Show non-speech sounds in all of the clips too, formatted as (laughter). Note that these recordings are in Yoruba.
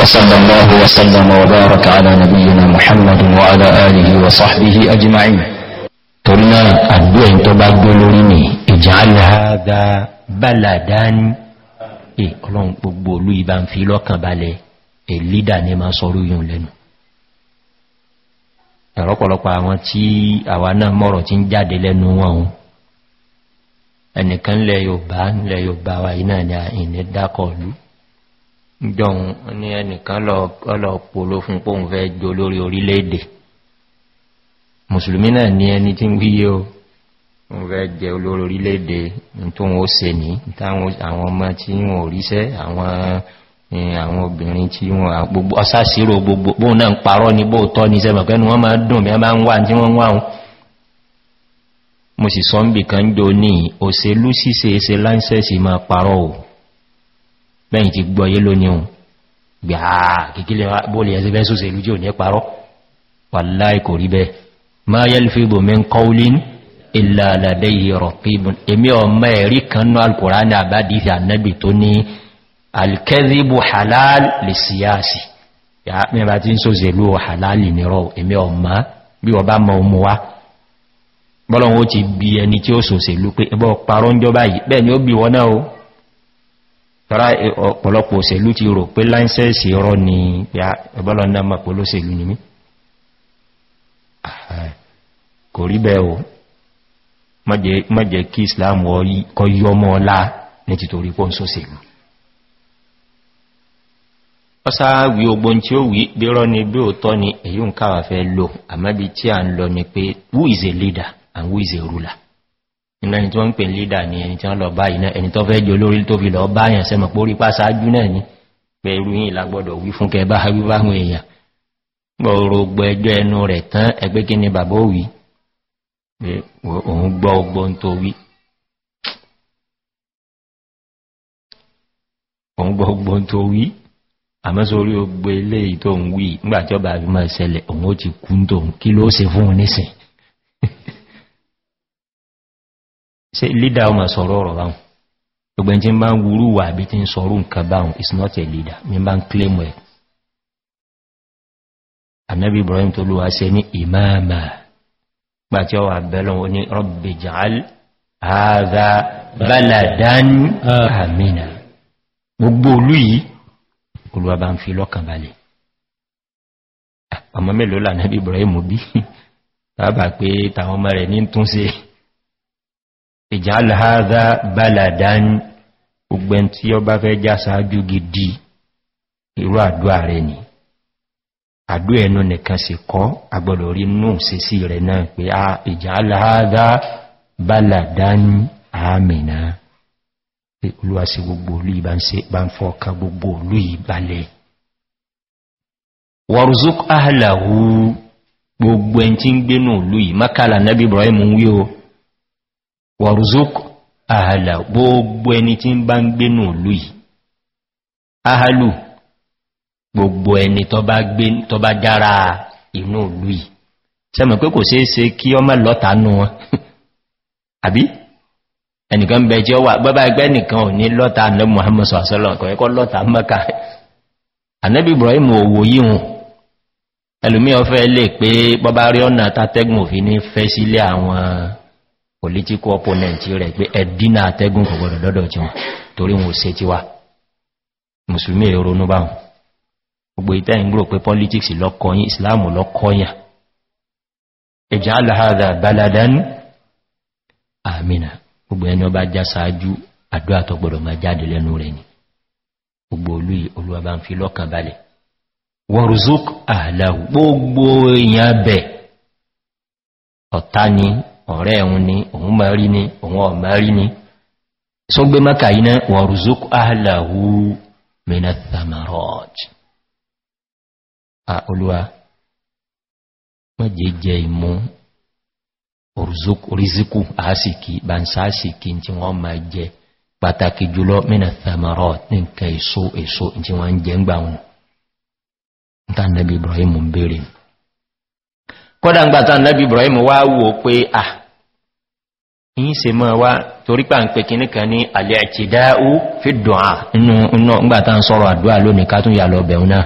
وصلى الله وسلم وبارك على نبينا محمد وعلى آله وصحبه أجمعين قلنا الدعين تبادلوني اجعل هذا بلدان إيه قلون بقبولو يبان في لوكا بالي الليدا نما صورو يون لنو ẹ̀rọ́pọ̀lọpọ̀ àwọn tí àwà náà mọ́rọ̀ tí ń jáde lẹ́nu wọn ohun ẹnìkan lẹ yóò bá lẹ bá wa iná ní àìní dákọ̀ọ̀lú jọun ní ẹnìkan lọ pòlò fún pòun fẹ́ jò lórí orílẹ̀-èdè mùsùlùmí náà ní ẹni tí ń wíyé o wọ́n fẹ́ jẹ olórí orílẹ̀-èdè tó wọ́n se ní táwọn ọmọ tí wọ́n ríṣẹ́ àwọn obìnrin tí wọ́n gbogbo ọsásírò gbogbo bóò náà ń parọ́ ní bóòtọ́ ní sẹ́mọ̀kẹ́nu wọ́n máa dùn bí a bá ń ní òṣèlú bẹ́yìn ti gbọ́yé lónìí ohun gbàá kìkílẹ̀ bóòlì ẹ̀sẹ̀ bẹ́ sóse ìlú jí ò ní parọ́ wàláì kò rí bẹ́ ma yẹ́lfìbò mi ń kọ́ulín ilẹ̀ alàdẹ́ ìrọ̀ píbùn èmi ọmọ ẹ̀rí kanú alkùránì àbádìí ànẹ́bì tó ní alkẹ́zíbù halal lè síyáàsì mẹ́bà tí ń sóse ìlú halal nírọ̀ èmi bí wọ́n bá mọ tọ́rá ọ̀pọ̀lọpọ̀ òṣèlú ti rò pé láìsẹ́ẹ̀sì ọ̀rọ̀ ni ya ẹbọ́lọ náà mọ̀ pẹ̀lú òṣèlú ni mí kò rí bẹ́ o mọ́jẹ̀ kí islam kọ yọmọ ọlá ní títorí pọ́ sóṣèlú ni bí ó tọ́ ni èyí ń káwà leader and ruler nínú ẹni tí wọ́n ń pè lídà ní ẹni tí wọ́n lọ bá iná ẹni tó fẹ́ jẹ olórí tó fi lọ bá yàn sẹ́mọ̀ pórí pásáájú náà ní pẹ̀lú yìí lágbọ́dọ̀ wí fún kẹ bá wíwá àwọn èèyàn gbọ́rọ̀gbọ́ ẹjọ́ ẹnu rẹ̀ tán ẹgbẹ́ kí ni bàbá òwí òun gbọ́ ọgbọ́n tó wí òun gbọ́ ọgbọ́n tó wí àmọ́ sórí ogbó ilé ìtò òun wí nígbàtí ọba àbí máa ṣẹlẹ̀ òun ṣe lídà ọmọ sọ̀rọ̀ ọ̀rọ̀ ráhùn gbogbo ẹni tí ń bá ń wúrú wà bí tí ń is not a leader mi bá ń claim ẹ̀ anabi ibrahim tó lówà ṣe ní ìmáàmà gbà tí ó wà bẹ́lọ̀ wọn ní rọ́bì jàál ààdà baladan amina gbogbo olú yìí olúwa bá ń fi lọ́kàn balẹ̀ ọmọ mélòó lànàbí ibrahim bí (laughs) bàbá pé tàwọn ọmọ rẹ̀ ní túnṣe ìjàl haza baladan ogbẹn tí ọ bá fẹ́ já sáájú gidi irú àdúà rẹ̀ ni àdú ẹnu nìkan sì kọ́ agbọ̀lọ̀ rí nù sí sí rẹ̀ náà pé a ìjàl haza baladan àmìnà pé olúwa sí gbogbo olú ìbá ń se bá ń fọ́ọ̀ká gbogbo olú ìbalẹ̀ wọ̀rùzúk ahàlàwú gbogbo ẹn tí ń gbénú olú ì mọ́kànlá nẹ́bí ibrahim ń wí o wọ̀rùzúk àhàlà gbogbo ẹni tí ń bá ń gbé nù lú yìí ahàlù gbogbo ẹni tó bá dára inú lú yìí sẹ́mọ̀ pé kò ṣeé ṣe kí ọmọ lọ́ta nù wọn (laughs) àbí ẹnìkan bẹ jẹ́ wà bọ́bá ẹgbẹ́ nìkan ò ní lọ́ta ní mohamed sọ̀sọ́lọ̀ kọ̀ ẹkọ́ lọ́ta mọ́ka ànẹ́bí ibrahim òwò yíhun ẹlùmí ọfẹ́ lè pé bọ́bá rí ọ̀nà tàtẹ́gùn òfin ní fẹ́ sílé àwọn political opponent rẹ̀ pé ẹ̀dínà àtẹ́gùn kọ̀gbọ̀dọ̀ lọ́dọ̀ tí wọn torí wọn ò se ti wá musulmi ronú bá wọn gbogbo ìtẹ́ ìgbò pé politics lọ́kọ̀ọ́yìn islam lọ́kọ̀ọ́yìn ẹjà aláhàdà baladan amina gbogbo ẹni ọba já sáájú àdó àtọ́gbọ̀dọ̀ máa jáde lẹ́nu rẹ̀ ni gbogbo olú olúwàbá ń fi lọ́kàn balẹ̀ wọ́rùzúk àhàláwù gbogbo èèyàn bẹ̀ ọ̀tá ni ọ̀rẹ́ ẹ̀hun ni òun máa rí ní òun ọ̀má rí ní sógbé mọ́kà iná wọ̀rùzúkú áhàláwú mẹ́nàtàmàrọ̀t olúwa mọ́jẹ jẹ ìmú orízíkù àásìkí bàǹsáàsìkí tí wọ́n máa jẹ pàtàkì jùlọ mẹ́nàtàmàrọ̀t ní nǹkan èso èso tí wọ́n ń jẹ ń gbà wọn kọ́dá ń gbàtà nẹ́bí ibrahim wá wò pé ah yìí se mọ́ wá torí pà ń pè kì níkan ní alẹ́ àti dáú fi dùnà inú iná ńgbàtà ń sọ́rọ̀ àdúrà lónìí ká tún yà lọ bẹ̀rún náà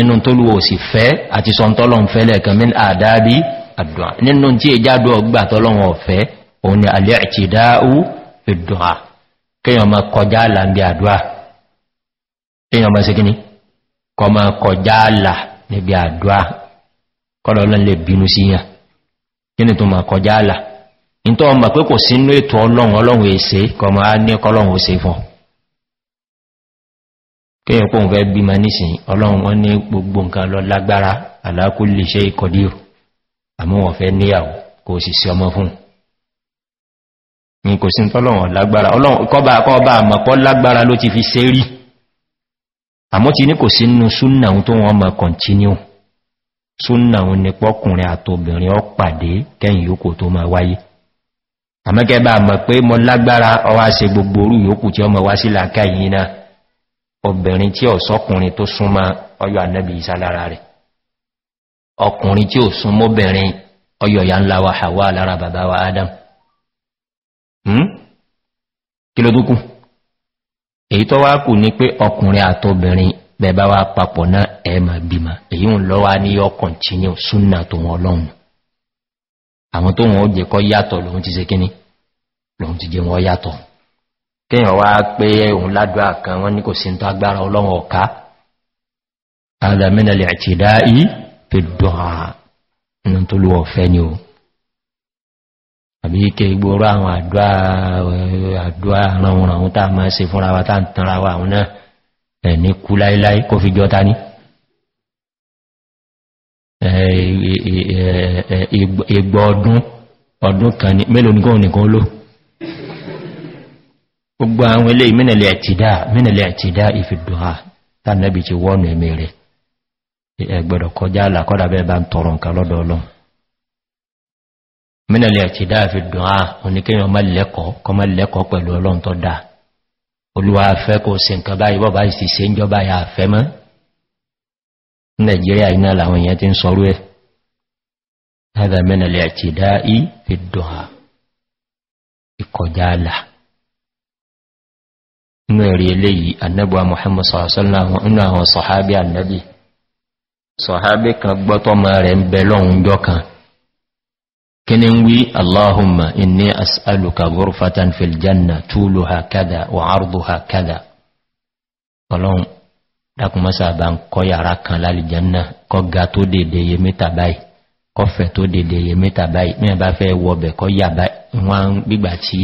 inú tó lù ò sì fẹ́ àti sọ́ntọ́lọ́n fẹ́lẹ̀ kan mín àdábí àdùnà nínú tí è jádọ́ ọgbà kí ni tó máa kọjá àlà ìntọ́ ọmọ pé kò sínú ètò ọlọ́run ọlọ́run èsè kọmọ á ní ọkọlọ́run ó se fún kíyàn kóhùn fẹ́ bí ma nísìn ọlọ́run wọ́n ní gbogbo nǹkan lọ lágbára àlákú lè ṣe ìkọdíò àmúwọ̀n fẹ́ níyàwó kò sì sí ọmọ fún ní kò sí tọ́lọ́run lágbára kọba kọba àmọ̀pọ̀ pọ́kùnrin àtòbìnrin ọ pàdé kẹ́yìn yóò kò tó máa wáyé àmọ́kẹ́bà mọ̀ pé mọ lágbára ọwá se gbogbo orú yòókù tí ọmọ wá sí làkà yìí náà obìnrin tí ò sọ́kùnrin tó súnmọ́ ọyọ̀ ànẹ́bì ìsálára rẹ̀ ọkùnrin tí ò súnmọ́bìnrin ọyọ̀ ya ńlá wa hàwà lára bàbá wa adam Hmm? ló dúkù èyí tó wá kù ní pé ọkùnrin àtọbìnrin bẹ̀bá wa papọ̀ náà ẹ̀mà bímà àwọn tó wọn ó jẹ kọ́ yàtọ̀ lòun ti se kíní lòun ti jẹ wọn yàtọ̀ kíyàn wá pé òun ládùá kan wọ́n ní kò sí tó agbára ọlọ́run ọ̀ká alàmínàlẹ̀ àti ìdáyí fi dùnà inú tó lú ọ̀fẹ́ ni o ìgbọ̀ ọdún ọdún kan ní mélòó ní kọ́wọ́ nìkan ló gbogbo àwọn ilé ìmìnàlẹ̀ àtìdá mìnàlẹ̀ àtìdá ìfìdùhà tánàbí ti wọ́nù ẹ̀mẹ́ rẹ̀ ẹgbẹ̀rọ̀ kọjá àlàkọ́dà bẹ́ẹ̀ bá ń tọrọ nǹkan lọ́dọ̀ ọlọ́run mìnàlẹ̀ àtìdá ìfìdùhà oníkéyàn má lẹ́kọ̀ọ́ kọ́ má lẹ́kọ̀ọ́ pẹ̀lú ọlọ́run tó dáa olúwa fẹ́ kó se nǹkan báyìí bọ́ báyìí sì se ń jọba yà fẹ́ نجريا إنا له ينتين صلوه هذا من الاعتداء في الدعاء إقجالة نري لي النبوة محمد صلى الله عليه وسلم إنه صحابي النبي صحابي كبطو مارين بلون جوكا كننوي اللهم إني أسألك غرفة في الجنة طولها كذا وعرضها كذا فلون dákùnmọ́sà bá ń kọ́ yàrá kan lálìjánná kọ́ ga tó dèdè iye mẹ́ta báyìí kọfẹ́ tó dèdè iye mẹ́ta báyìí mẹ́ bá fẹ́ wọbẹ̀ kọ́ yàbá wọn gbígbà tí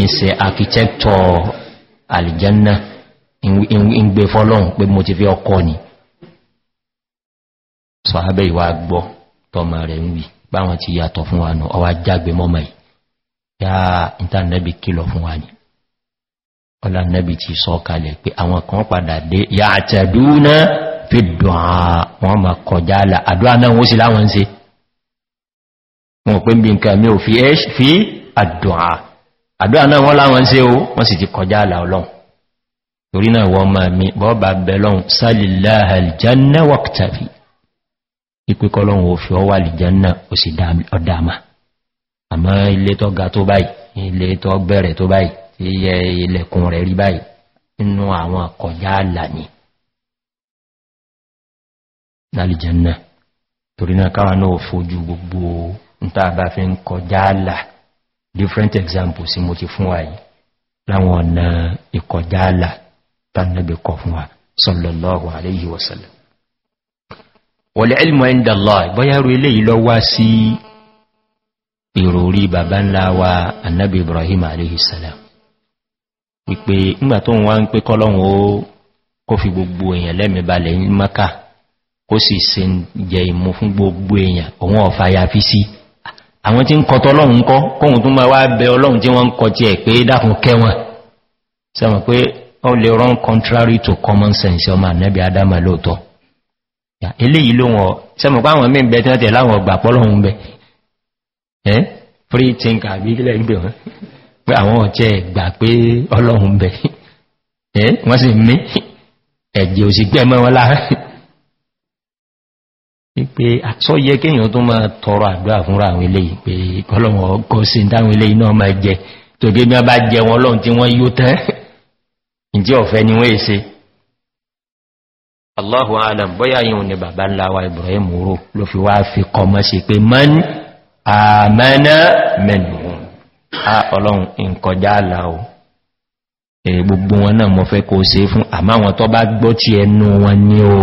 ń se architecture alìjánná ń gbé fọ́lọ́hun pé mo ti fi ọkọ́ ni sọ abẹ́ ìwà gbọ́ tọ́mà rẹ̀ ń wì báwọn ti yàtọ̀ fún wa nù ọwá jágbe mọ́mọ̀ yìí yá ìntánẹ́bì kìlọ̀ fún wa ni ọlá nẹ́bì ti sọ kalẹ̀ pé àwọn kan padà dé ya àtẹ̀dúnà fi dùn àwọn ma kọjá àlà àdúrà náà wó sí láwọn ṣe wọn pé bí nǹkan mí ò fi àdùnà àdúrà náà wọ́n láwọn ṣe o wọ́n sì ti kọjá àlà ọlọ́run torí náà wọ́n máa mi bọ́ọ̀bà yíyẹ ilẹ̀kùn rẹ̀ rí báyìí nínú àwọn àkọjá àlà ní lálìjẹ́nà torí náà káwà náà fojú gbogbo níta bá fi ń kọjá àlà different examples mo ti fún wa yìí láwọn ọ̀nà ìkọjá àlà tánàbẹ̀ kọ fún wa sọ́lọ̀lọ́wọ̀ àléyìí wọ̀sẹ̀lẹ̀ wọ̀lẹ̀ ilmọ̀ ẹ̀ndàlọ́ ìbọ́yárò eléyìí lọ wá sí ìròrí bàbá ńlá wa annabi ibrahim aléyìí sàlẹ̀ wípé ńgbà tó ń wá ń pé kọ́lọ́hun ó kó fi gbogbo èèyàn lẹ́mì balẹ̀ ní mọ́ká ó sì se jẹ ìmú fún gbogbo èèyàn òun ọ̀fà ya fi sí àwọn tí ń kọ tọ́lọ́hun kọ́ kóhun tó máa wá bẹ ọlọ́hun tí wọ́n ń kọ tiẹ̀ pé dákun kẹwọn sẹ́wọ̀n pé ó lè rán contrary to common sense ọmọ ànẹ́bí adama lóòótọ́ eléyìí ló wọn sẹ́wọ̀n pé àwọn míì tí wọ́n tẹ̀ láwọn ọgbà pọ́lọ́hun bẹ free thinker àbí kílẹ̀ ń gbé wọn pé àwọn ọ̀jẹ́ gbà pé ọlọ́run bẹ̀ ẹ́ wọ́n sì mí ẹ̀jẹ̀ òsì gbẹ́ mọ́ wọn láàárín wípé àtọ́yẹ kéèyàn tó máa tọrọ àdúrà fúnra àwọn ilé pé ọlọ́run ọgọ́ sí dáwọn ilé náà máa jẹ tó gbé bá jẹ wọn ọlọ́run tí wọ́n yóò tán ìjẹ́ ọ̀fẹ́ ni wọ́n èsè Allahu alam bóyá yíò ni bàbá ńlá wa Ibrahim rò ló fi wá fi kọmọ sí pé mọ́n àmẹ́nà mẹ́nu a ọlọ́run nkọjá àlà o èrè gbogbo wọn náà mọ́ fẹ́ kó ṣe fún àmáwọn tó bá gbọ́ ti ẹnu wọn ní o